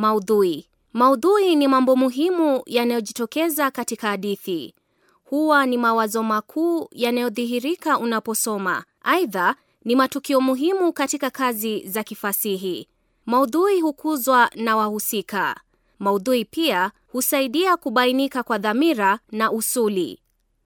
Maudhui. Maudhui ni mambo muhimu yanayojitokeza katika hadithi. Huwa ni mawazo makuu yanayodhihirika unaposoma. Aidha, ni matukio muhimu katika kazi za kifasihi. Maudhui hukuzwa na wahusika. Maudhui pia husaidia kubainika kwa dhamira na usuli.